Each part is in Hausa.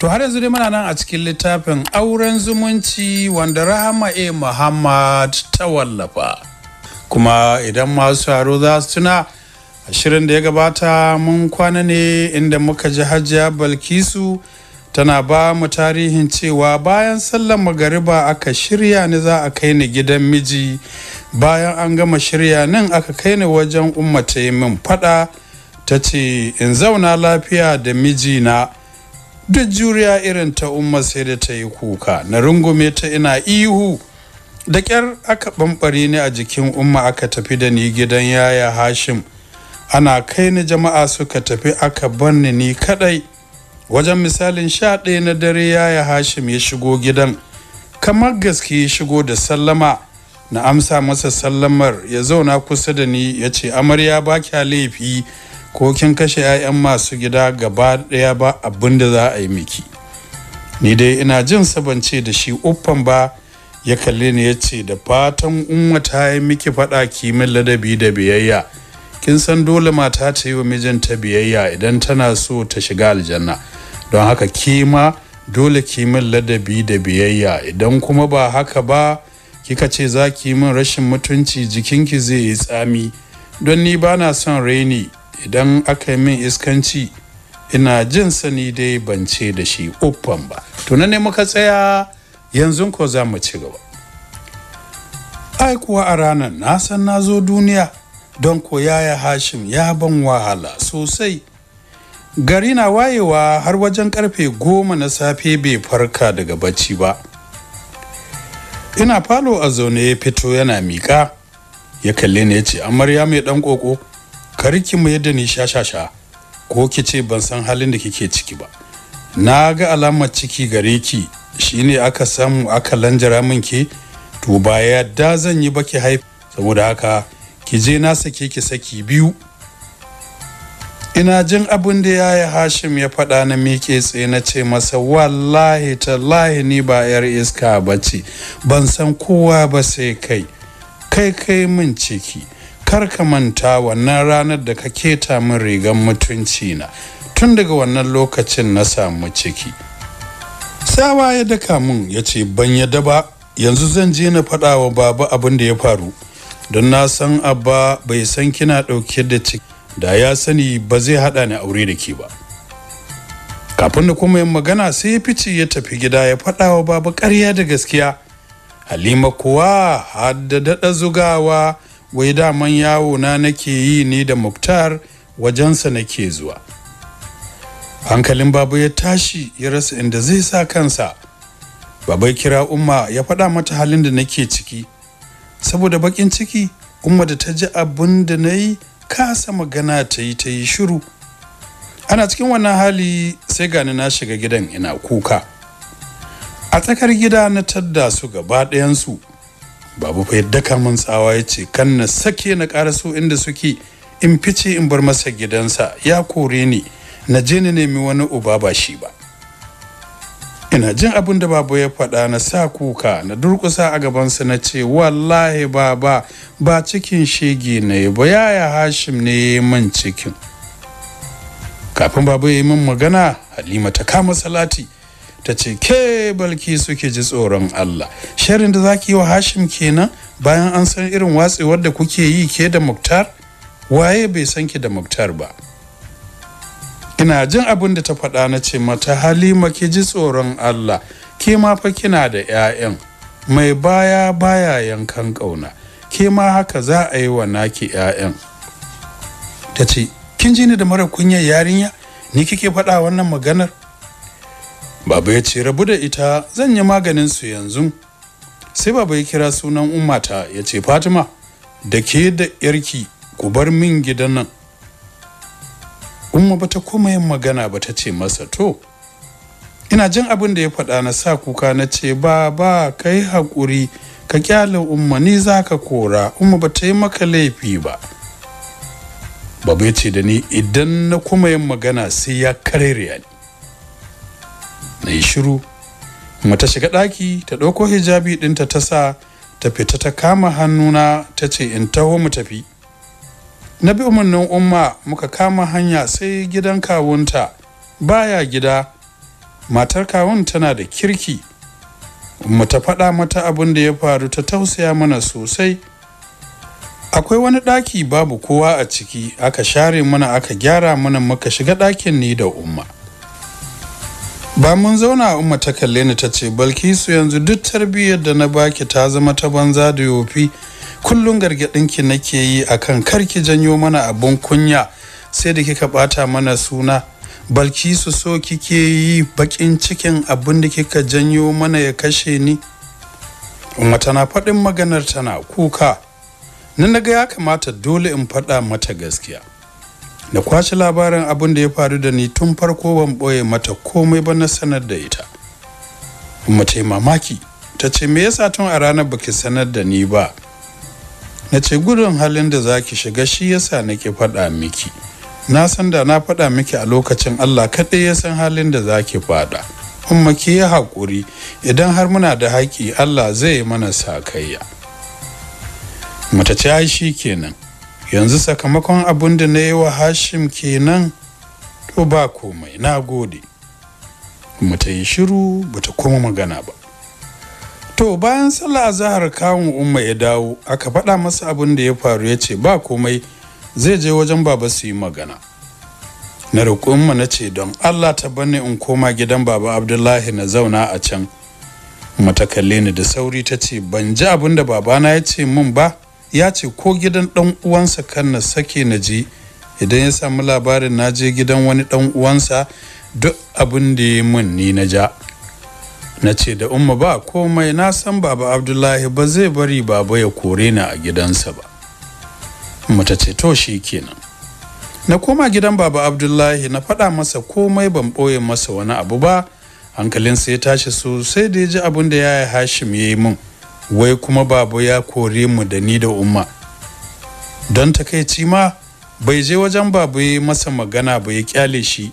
To har yanzu dai muna nan a cikin littafin auren zumunci wanda Rahama A. Muhammad ta wallafa. Kuma idan masu haro za su tuna ashirin da ya gabata mun kwana ne inda muka ji hajiya Balkisu tana ba mu tarihin cewa bayan sallan magariba aka shirya ni za a kai ni gidan miji bayan an gama shirya nan aka kai ni wajen yi min fada ta ce in zauna lafiya da miji na duk juriya irin ta umma sai da ta yi kuka na rungume ta ina ihu da ƙyar aka ɓamɓare ni a jikin umma aka tafi da ni gidan yaya hashim ana kai ni jama'a suka tafi aka banni ni kaɗai wajen misalin sha ɗaya na dare yaya hashim ya shigo gidan kamar gaske ya shigo da sallama na amsa masa sallamar ya zauna kusa da ni ya ce amarya ba laifi ko kin kashe 'ya'yan masu gida gaba ɗaya ba abin da za a yi miki ni dai ina jin sabance da shi uffan ba ya kalli ni ya ce da fatan umma ta yi miki faɗa min ladabi da biyayya kin san dole mata ta yi wa mijinta biyayya idan tana so ta shiga aljanna don haka kima dole min ladabi da biyayya idan kuma ba haka ba kika ce za ki min rashin mutunci jikinki zai yi tsami don ni ba na son raini idan aka yi min iskanci ina jin sani dai ban ce da shi uffan ba tuna ne muka tsaya yanzu ko za mu ci gaba ai kuwa a ranar na san na zo duniya don ko yaya hashim ya ban wahala sosai gari na wayewa har wajen karfe goma na safe bai farka daga bacci ba ina falo a zaune fito yana miƙa ya kalle ne ya ce amarya mai ɗan ƙoƙo karki mu yadda ni shashasha ko ki ce ban san halin da kike ciki ba na ga alamar ciki gare ki shine aka samu aka lanjara min ki to ba yadda zan yi ba ki haifi saboda haka ki je na sake ki saki biyu ina jin abin da yaya hashim ya faɗa na miƙe tsaye na ce masa wallahi tallahi ni ba yar iska ba ce ban san kowa ba sai kai kai kai min ciki kar ka manta wannan ranar da ka keta min rigan mutunci na tun daga wannan lokacin na samu ciki sawa ya daka min ya ce ban yadda ba yanzu zan je na faɗa wa baba abin da ya faru don na san abba bai san kina ɗauke da ciki da ya sani ba zai haɗa ni aure da ke ba kafin da kuma yin magana sai ya fice ya tafi gida ya faɗa wa babu ƙarya da gaskiya halima kuwa har da daɗa zugawa wai daman yawo na nake yi ne da muktar wajensa nake zuwa hankalin babu ya tashi ya rasa inda zai sa kansa babai kira umma ya faɗa mata halin da nake ciki saboda bakin ciki umma da ta ji abin da na yi kasa magana ta yi ta yi shiru ana cikin wannan hali sai gani na shiga gidan ina kuka a tsakar gida na tadda su gaba su. babu fa yadda kamun tsawa ya ce kan na sake na ƙara karaso inda suke in fice in bar masa gidansa ya kore ni na je na nemi wani uba ba shi ba ina jin abin da babu ya faɗa na sa kuka na durƙusa a gabansa na ce wallahi baba ba cikin shege na yi ba yaya hashim ne man cikin kafin babu ya yi min magana halima ta kama salati ta ce ke balki suke ji tsoron Allah sharin da zaki yi wa Hashim kenan bayan an san irin watsewar da kuke yi ke da Muktar waye bai san ki da Muktar ba ina jin abin da ta faɗa na ce mata Halima ki ji tsoron Allah ke ma fa kina da 'ya'yan mai baya baya yankan kauna ke ma haka za a yi wa naki 'ya'yan ta ce kin ji ni da mara kunyar yarinya ni kike faɗa wannan maganar Baba ya ce rabu da ita zan yi maganin su yanzu. Sai baba ya kira sunan ummata ya ce Fatima da ke da yarki ku bar min gidan nan. Umma bata kuma yin magana ba ta ce masa to. Ina jin abin da ya faɗa na sa kuka na ce ba ba kai haƙuri ka kyale umma ni za ka kora umma ba ta yi maka laifi ba. Baba ya ce da ni idan na kuma yin magana sai ya karere ni. na yi shiru kuma ta shiga ɗaki ta ɗauko hijabi ɗinta ta sa ta fita ta kama hannuna ta ce in taho mu tafi na bi umarnin umma muka kama hanya sai gidan kawunta baya gida matar kawun tana da kirki Mu ta faɗa mata abin da ya faru ta tausaya mana sosai akwai wani ɗaki babu kowa a ciki aka share mana aka gyara mana muka shiga ɗakin ni da umma ba mun zauna umma ta kalle ni ta ce balkisu yanzu duk tarbiyyar da na baki ta zama ta banza da yofi kullum gargaɗinki nake yi akan karki janyo mana abun kunya sai da kika bata mana suna balkisu so kike yi baƙin cikin abin da kika janyo mana ya kashe ni umma tana faɗin maganar tana kuka na naga ya kamata dole in faɗa mata gaskiya da kwace labarin abin da ya faru da ni tun farko ban ɓoye mata komai ba na sanar da ita mace mamaki ta ce me yasa tun a ranar baki sanar da ni ba na ce gudun halin da za ki shiga shi yasa nake faɗa miki na san da na faɗa miki a lokacin allah kaɗai ya san halin da za ki faɗa umma ki yi haƙuri idan har muna da haƙi allah zai yi mana sakayya mata ce ai shi kenan yanzu sakamakon abin da na yi wa hashim kenan to ba komai na gode kuma ta yi shiru ba ta koma magana ba to bayan sallah zahar kawun umma ya dawo aka faɗa masa abin da ya faru ya ce ba komai zai je wajen baba su yi magana na roƙi umma na ce don allah ta banne in koma gidan baba abdullahi na zauna a can mata kalle ni da sauri ta ce ban ji abin da babana ya ce min ba ya ce ko gidan dan uwansa kan na sake na je idan ya samu labarin na je gidan wani dan uwansa duk abin da ya mun ni na ja na ce da umma ba komai na san baba abdullahi ba zai bari baba ya kore ni a gidansa ba mata ce to shi kenan na koma gidan baba abdullahi na faɗa masa komai ban ɓoye masa wani abu ba hankalinsa ya tashi sosai da ya ji abin da ya hashim ya yi mun wai kuma babu ya kore mu da ni da umma don takaici ma bai je wajen babu ya masa magana ba ya kyale shi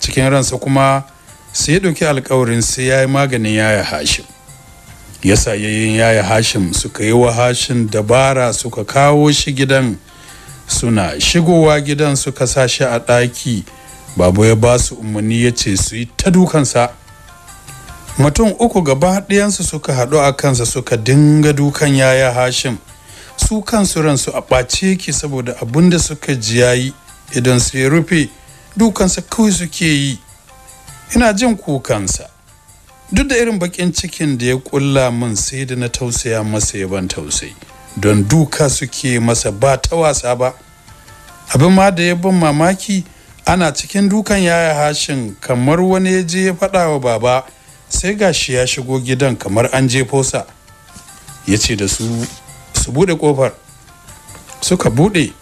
cikin ransa kuma sai ya ɗauki alkawarin sai ya yi maganin yaya hashim ya sa yayin yaya hashim suka yi wa hashim dabara suka kawo shi gidan suna shigowa gidan suka sa shi a ɗaki babu ya ba su umarni ya ce su yi ta dukansa mutum uku gaba ɗayansu suka haɗu a kansa suka dinga dukan yaya hashim su kansu ransu a ɓace yake saboda abin da suka ji yayi idan su ya rufe dukansa kawai suke yi ina jin kukansa duk da irin baƙin cikin da ya ƙulla min sai da na tausaya masa ya ban tausayi don duka suke masa ba ta wasa ba abin ma da ya ban mamaki ana cikin dukan yaya hashin kamar wani ya je ya faɗa wa baba sai gashi ya shigo gidan kamar an je fosa. ya ce da su su bude kofar suka bude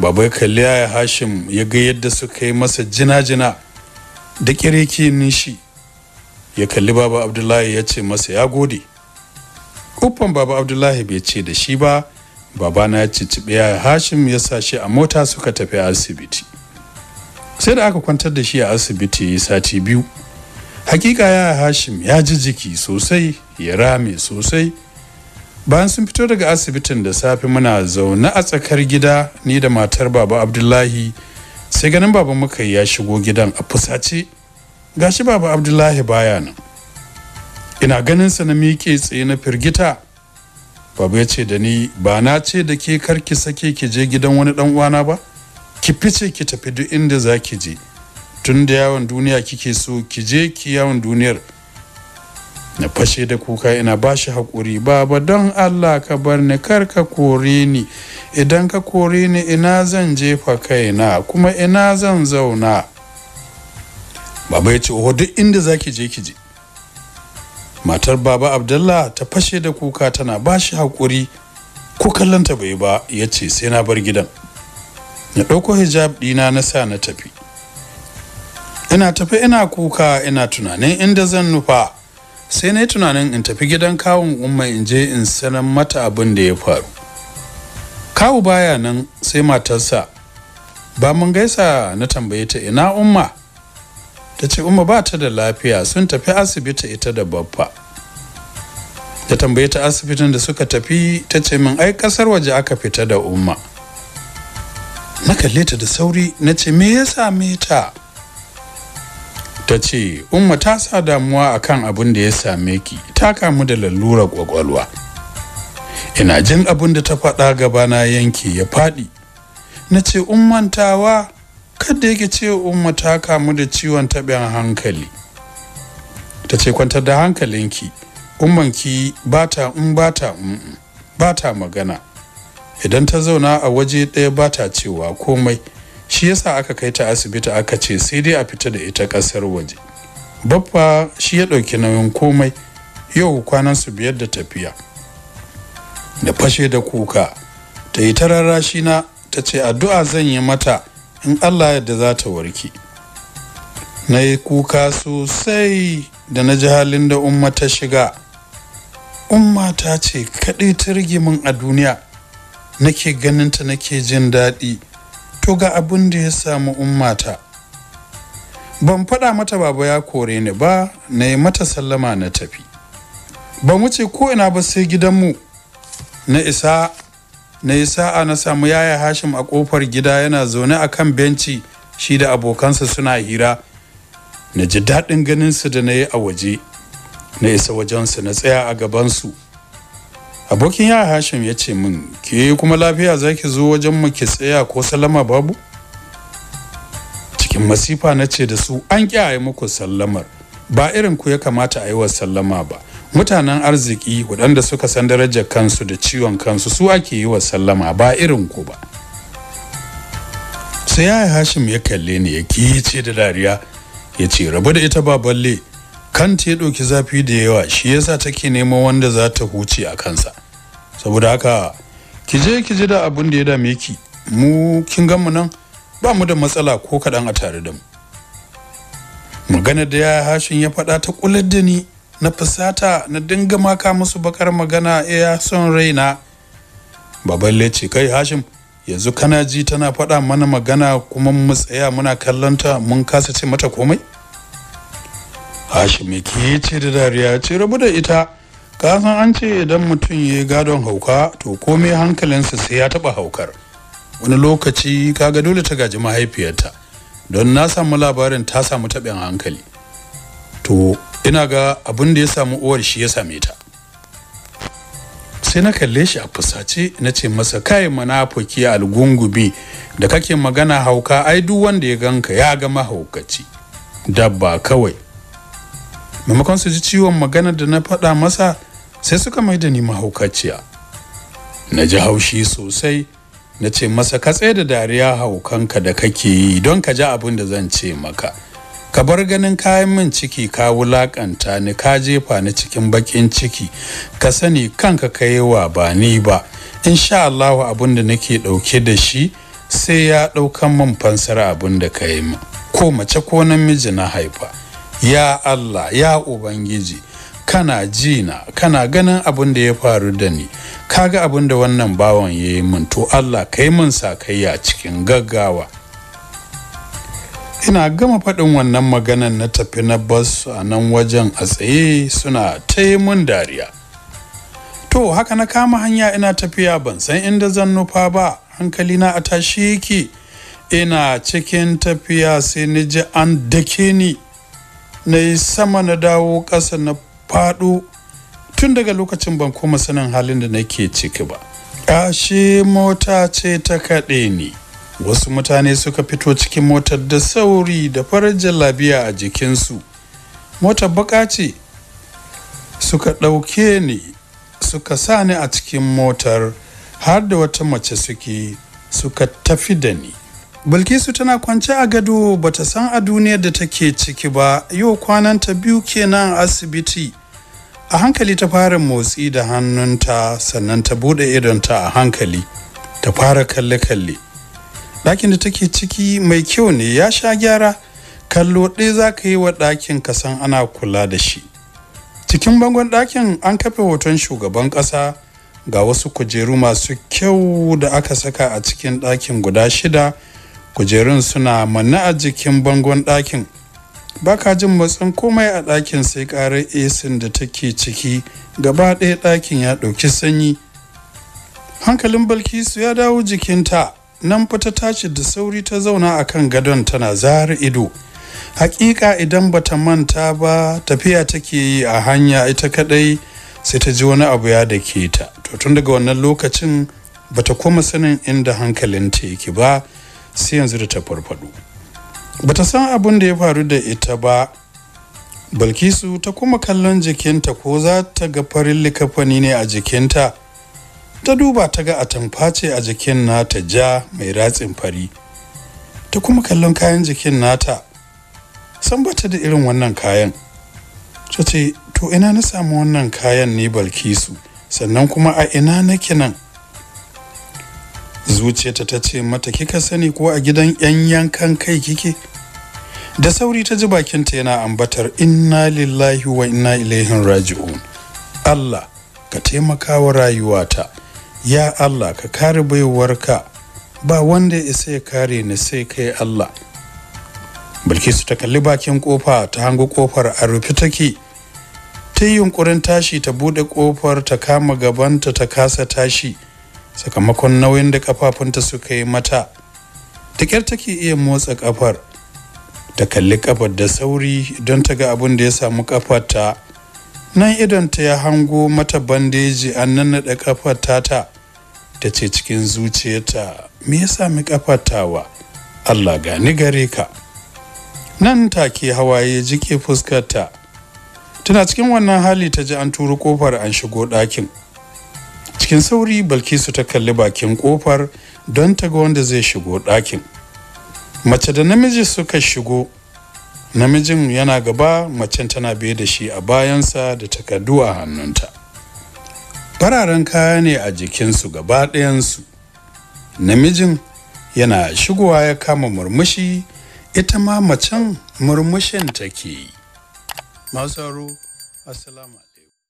babai kalli ya hashim ya ga yadda suka yi masa jina-jina da kirikinin shi ya kalli baba abdullahi ya ce masa ya gode Kofan baba abdullahi bai ce da shi ba babana ya cicibe ya hashim ya sa shi a mota suka tafi asibiti sai da aka kwantar da shi a asibiti sati biyu hakika ya hashim ya ji jiki sosai ya rame sosai bayan sun fito daga asibitin da safe muna zaune a tsakar gida ni da matar baba abdullahi sai ganin baba muka ya shigo gidan a fusace gashi baba abdullahi baya nan ina ganin sa na miƙe tsaye na firgita baba ya ce da ni ba na ce da ke karki sake ki je gidan wani dan uwana ba ki fice ki tafi duk inda za ki je tun da yawon duniya kike so ki je ki yawon duniyar na fashe da kuka ina ba shi haƙuri baba don allah ka bar ni kar ka kore ni idan ka kore ni ina zan jefa kaina kuma ina zan zauna baba ya ce oho duk inda za ki je ki je matar baba abdullah ta fashe da kuka tana ba shi haƙuri ko kallonta bai ba ya ce sai na bar gidan na ɗauko hijab ɗina na sa na tafi ina tafi ina kuka ina tunanin inda zan nufa sai na tunanin in tafi gidan kawun umma in je in sanar mata abin da ya faru kawu baya nan sai matarsa ba mun gaisa na tambaye ta ina umma ta ce umma ba ta da lafiya sun tafi asibiti ita da babba ta tambaye ta asibitin da suka tafi ta ce min ai kasar waje aka fita da umma na kalle ta da sauri na ce me ya me ta ta ce umma ta sa damuwa a kan abin da ya same ki ta kamu da lalurar kwakwalwa ina jin abin da ta faɗa gabana yanki ya faɗi na ce ummantawa kadda yake ce umma ta kamu da ciwon taɓin hankali ta ce kwantar da hankalinki ummanki ba ta in um, ba ta um, ba ta magana idan ta zauna a waje ɗaya ba ta cewa komai shi yasa aka kai ta asibiti aka ce sai dai a fita da ita ƙasar waje babba shi ya ɗauki nauyin komai yau kwanan su biyar da tafiya da fashe da kuka ta yi ta rarrashi na ta ce addu'a zan yi mata in allah yadda za ta warke na yi kuka sosai da na ji halin da umma ta shiga umma ta ce kaɗai ta rigimin a duniya nake ganinta nake jin daɗi to ga abin da ya samu ummata ban faɗa mata baba ya kore ni ba na yi mata sallama na tafi ban wuce ko ina ba sai gidanmu na isa na yi sa'a na samu yaya hashim a ƙofar gida yana zaune a kan benci shi da abokansa suna hira na ji daɗin ganinsu da na yi a waje na isa wajensu na tsaya a gabansu abokin ya hashim ya ce min ke kuma lafiya za ki zo wajen mu ki tsaya ko sallama babu cikin masifa na ce da su an ƙi muku sallamar ba irin ku ya kamata a yi wa sallama ba mutanen arziki waɗanda suka san darajar kansu da ciwon kansu su ake yi wa sallama ba irin ku ba sai ya hashim ya kalle ni ya ce da dariya ya ce rabu da ita ba balle kanta ya ɗauki zafi da yawa shi yasa take neman wanda za ta huce a kansa saboda haka kije kije da abin da ya dame ki mu kin gan mu nan ba mu da matsala ko kaɗan a tare da mu magana da ya hashin ya faɗa ta kular da ni na fusata na dinga maka musu bakar magana ya son raina baballe ce kai hashim yanzu kana ji tana faɗa mana magana kuma mu tsaya muna kallonta mun kasa ce mata komai hashim ke ce da dariya ce rabu da ita ka san an ce idan mutum ya gadon hauka to komai hankalinsa sai ya taba haukar wani lokaci kaga dole ta gaji mahaifiyarta don na samu labarin ta samu taɓin hankali to ina ga abin da ya samu uwar shi ya same ta sai na kalle shi a fusace na ce masa kai manafuki algungubi da kake magana hauka ai duk wanda ya ganka ya ga mahaukaci dabba kawai maimakon su ji ciwon magana da na faɗa masa sai suka mai da ni mahaukaciya na ji haushi sosai na ce masa ka tsaye da dariya haukanka da kake yi don ka ji abin da zan ce maka ka bar ganin kayan min ciki ka wulakanta ni ka jefa ni cikin bakin ciki ka sani kanka ka yi wa ba ni ba insha Allah abin da nake dauke da shi sai ya daukan min fansar abin da ka yi min ko mace ko namiji na haifa ya Allah ya Ubangiji kana jina kana ganin abin da ya faru da ni kaga abin da wannan bawan ya yi min to Allah kai mun min sakayya cikin gaggawa ina gama faɗin wannan maganan na tafi na bas a nan wajen a tsaye suna ta yi mun dariya to haka na kama hanya ina tafiya ban san inda zan nufa ba hankali na a tashi yake ina cikin tafiya sai ni ji an dake ni na yi sama na dawo ƙasa na faɗo tun daga lokacin ban koma sanin halin da nake ciki ba ashe mota ce ta kaɗe ni wasu mutane suka fito cikin motar da sauri da farar jallabiya a jikinsu motar baka ce suka ɗauke ni suka sa ni a cikin motar har da wata mace suke suka tafi da ni Bilkisu tana kwance a gado bata san a duniyar da take ciki ba yau kwananta biyu kenan asibiti. A hankali ta fara motsi da hannunta sannan ta bude idonta a hankali ta fara kalle-kalle. Ɗakin da take ciki mai kyau ne ya sha gyara kallo ɗaya za ka yi wa ɗakin ka san ana kula da shi. Cikin bangon ɗakin an kafe hoton shugaban ƙasa ga wasu kujeru masu kyau da aka saka a cikin ɗakin guda shida. kujerun suna manna a jikin bangon ɗakin Ba ka jin matsin komai a ɗakin sai ƙarar esin da take ciki gaba ɗaya ɗakin ya ɗauki sanyi hankalin balkisu ya dawo jikinta nan fita ta tashi da sauri ta zauna a kan gadon tana zara ido hakika idan ba ta manta ba tafiya take yi a hanya ita kadai sai ta ji wani abu ya da ke ta to tun daga wannan lokacin ba ta koma sanin inda hankalinta yake ba sai yanzu da ta farfado bata san abin da ya faru da ita ba balkisu ta kuma kallon jikinta ko za ta ga farin likafani ne a jikinta ta duba ta ga atamfa ce a jikin nata ja mai ratsin fari ta kuma kallon kayan jikin nata san bata da irin wannan kayan ta to ina na samu wannan kayan ne balkisu sannan kuma a ina nake nan zuciyarta ta ce mata kika sani ko a gidan yan yankan kai kike da sauri ta ji bakinta yana ambatar inna lillahi wa inna ilaihin raji'un allah ka taimaka wa rayuwata ya allah ka kare baiwarka ba wanda ya isa ya kare ni sai kai allah bilkisu ta kalli bakin kofa ta hango kofar a rufe take ta yi yunkurin tashi ta buɗe kofar ta kama gabanta ta kasa tashi sakamakon nauyin da kafafunta suka yi mata da ƙyar take iya motsa kafar ta kalli kafar da sauri don ta ga abin da ya samu kafarta nan ta ya hango mata bandeji an nannaɗa kafar tata ta ce cikin zuciyarta me ya sami kafar allah gani gare ka nan take hawaye jike fuskarta tana cikin wannan hali ta ji an turo kofar an shigo ɗakin cikin sauri balkisu ta kalli bakin kofar don ta ga wanda zai shigo ɗakin mace da namiji suka shigo namijin yana gaba macen tana biye da shi a bayansa da takardu a hannunta fararen kaya ne a jikinsu gaba ɗayansu namijin yana shigowa ya kama murmushi ita ma macen murmushin take yi masu assalamu